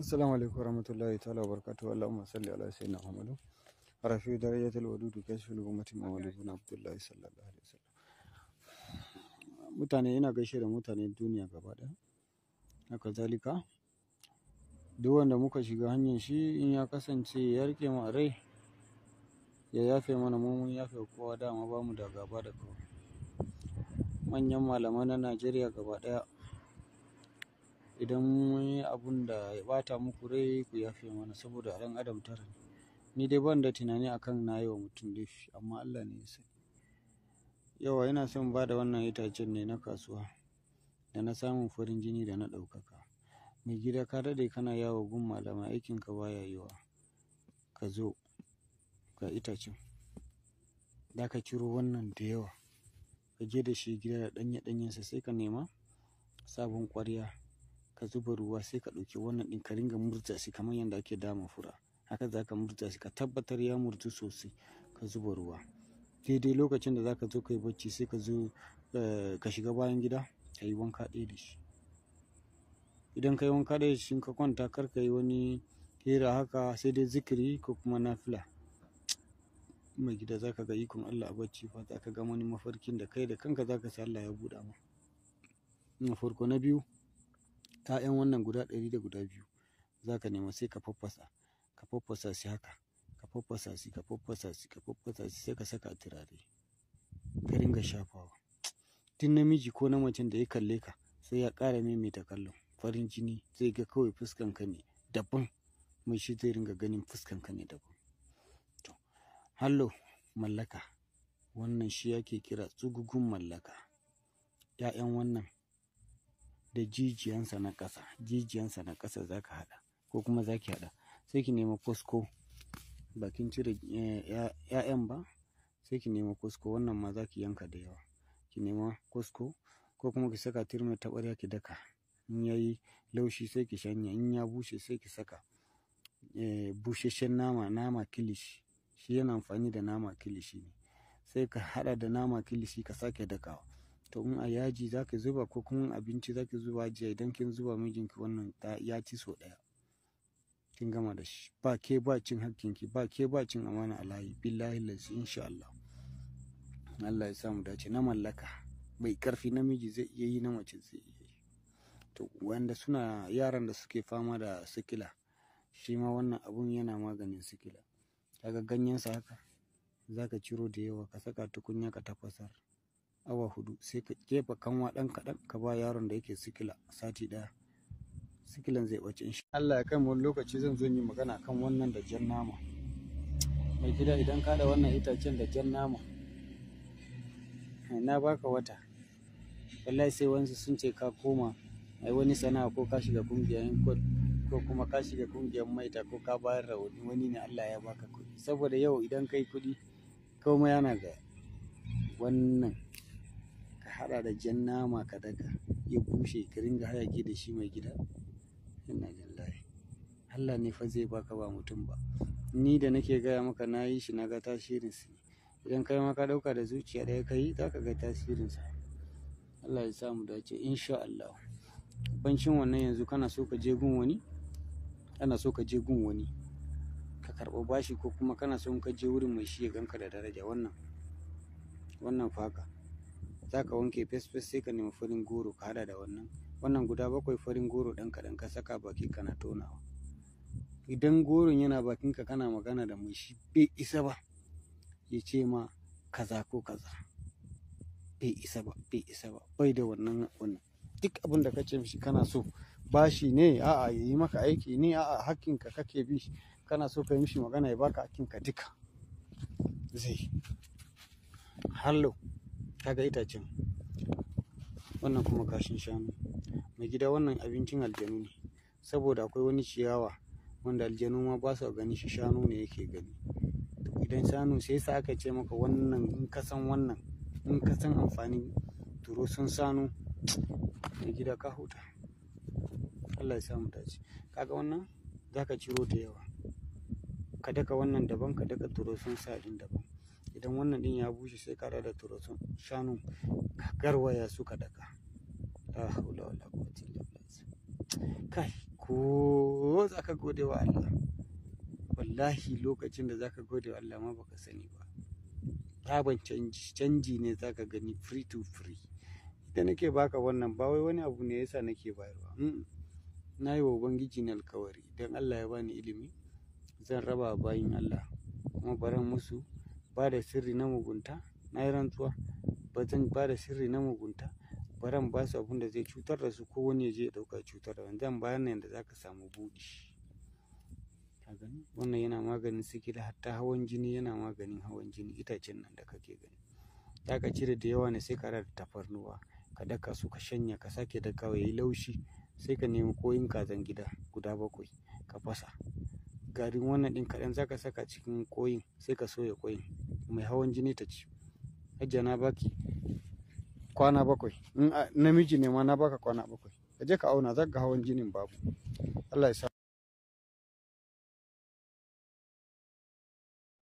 assalamu alaikum warahmatullahi ta'ala wabarakatuh allahumma salli ala sayyidina muhammad darajatul kashful abdullah sallallahu alaihi wasallam mutane ina gaishe da mutane duniya gaba daya haka zalika duk wanda muka shiga hanyar shi in ya kasance ya rike mu rai ya yafe mana mu mun yafe kowa dama ba mu da gaba da kowa manyan malamai na Najeriya gaba ɗaya idan mun yi abun da ya ɓata muku rai ku yafe mana saboda ɗan adam tara ne ni dai ban da tunani akan na yi wa mutum laifi amma Allah ne ya yawa ina son ba da wannan itacen ne na kasuwa da na samun farin jini da na ɗaukaka mai gida ka daɗe kana yawo gun malama aikinka baya yiwa ka zo ga itacen da ka ciro wannan da yawa ka je da shi gida da ɗanye-ɗanyensa sai ka nema sabon ƙwarya ka zuba ruwa sai ka ɗauki wannan ɗin ka ringa murza shi kamar yadda ake dama fura haka za ka murza shi ka tabbatar ya murtu sosai ka zuba ruwa daidai lokacin da za ka zo ka yi bacci sai ka zo eh, ka shiga bayan gida ka yi wanka ɗaya da shi idan ka yi wanka ɗaya da shi ka kwanta kar ka yi wani hira haka sai dai zikiri ko kuma nafila mai gida za ka ga ikon Allah a bacci fa za ka ga wani mafarkin da kai da kanka za ka sa Allah ya buɗa ma na farko na biyu 'ya'yan wannan guda ɗari da guda biyu za ka nema sai ka faffasa ka faffasa shi haka ka faffasa shi ka faffasa shi ka faffasa shi sai ka saka a turare ka ringa shafawa tun namiji ko na macen da ya kalle ka sai ya ƙara maimaita kallon farin jini zai ga kawai fuskan ka ne daban mai shi zai ringa ganin fuskan ka ne daban to hallo mallaka wannan shi yake kira tsugugun mallaka 'ya'yan wannan da jijiyansa na ƙasa jijiyansa na ƙasa za ka haɗa ko kuma za ki haɗa sai ki nema fosko bakin cire eh, ‘ya'yan ba sai ki nema fosko wannan ma za ki yanka da yawa ki nema fosko ko kuma ki saka turmi ta ƙwarya ki daka in ya yi laushi sai ki shanya in ya bushe sai ki saka eh, busheshen nama nama kilishi shi yana amfani da nama kilishi ne sai ka haɗa da nama kilishi ka sake dakawa to in a yaji za ki zuba ko kuma abinci za ki zuba jiya idan kin zuba mijinki wannan ya ci sau ɗaya kin gama da shi ba ke ba cin hakkinki ba ke ba cin amana a layi billahi lalci insha Allah Allah ya samu dace na mallaka bai karfi namiji zai iya yi na mace zai iya yi to wanda suna yaran da suke fama da sikila shi ma wannan abun yana maganin sikila kaga ganyen sa haka zaka ciro da yawa ka saka tukunya ka tafasar awa hudu sai ka jefa kanwa dan kadan ka ba yaron da yake sikila sati daya sikilan zai bace shi Allah ya kai mu lokaci zan zo yi magana kan wannan da jan nama mai gida idan ka da wannan itacen da jan nama na baka wata wallahi sai wansu sun ce ka koma ai wani sana'a ko ka shiga kungiyar ko kuma ka shiga kungiyar maita ko ka bayar da wani ne Allah ya baka kuɗi saboda yau idan kai kuɗi komai yana ga wannan haɗa da jan nama ka daka ya bushe ka ringa hayaki da shi mai gida ina Allah ne fa zai baka ba mutum ba ni da nake gaya maka na yi shi na ga tasirin su idan kai ma ka ɗauka da zuciya da kai za ka ga tasirin sa Allah ya samu dace insha Allah bancin wannan yanzu kana so ka je gun wani kana so ka je gun wani ka karɓo bashi ko kuma kana so ka je wurin mai shi ya ganka da daraja wannan wannan faka za ka wanke fesfes sai ka nemi farin goro ka hada da wannan wannan guda bakwai farin goro ɗan kaɗan ka saka baki kana tonawa idan goron yana bakinka kana magana da mai shi bai isa ba ya ce ma kaza ko kaza bai isa ba bai isa ba bai da wannan wannan duk abin da kace mishi kana so Ba shi ne a'a Ya yi maka aiki ne a'a hakkinka kake bi kana so ka yi mishi magana ya baka hakkinka duka zai hallo kaga itacen wannan kuma kashin shanu mai gida wannan abincin aljanu ne saboda akwai wani ciyawa wanda aljanu ma ba su gani shi shanu ne yake gani idan shanu sai sa aka ce maka wannan in ka san wannan in ka san amfanin turo sun sanu mai gida ka huta Allah ya samu dace kaga wannan zaka ciro da yawa ka daka wannan daban ka daka turo sun sa din daban idan wannan din ya bushe sai kara da turutun shanun garwaya su ka daka la haula wala quwwata kai ko zaka gode wa Allah wallahi lokacin da zaka gode wa Allah ma baka sani ba sabon canji canji ne zaka gani free to free da nake baka wannan ba wai wani abu ne yasa nake bayarwa na yi wa ubangiji na alkawari idan Allah ya bani ilimi zan raba bayin Allah kuma barin musu ba sirri na mugunta na yi rantsuwa ba zan ba da sirri na mugunta ba ran ba su abin da zai cutar da su ko wani ya je ya ɗauka cutar da zan bayar ne da za ka samu buɗi wannan yana maganin sikila hatta hawan jini yana maganin hawan jini itacen nan da kake gani za ka cire da yawa ne sai ka da tafarnuwa ka daka su ka shanya ka sake dakawa ya yi laushi sai ka nemi koyin kazan gida guda bakwai ka fasa garin wannan ɗin kaɗan zaka saka cikin koyin sai ka soya koyin mai hawan jini ta ci hajiya na baki kwana bakwai namiji ne ma na baka kwana bakwai ka je ka auna zaka hawan jinin babu Allah ya sa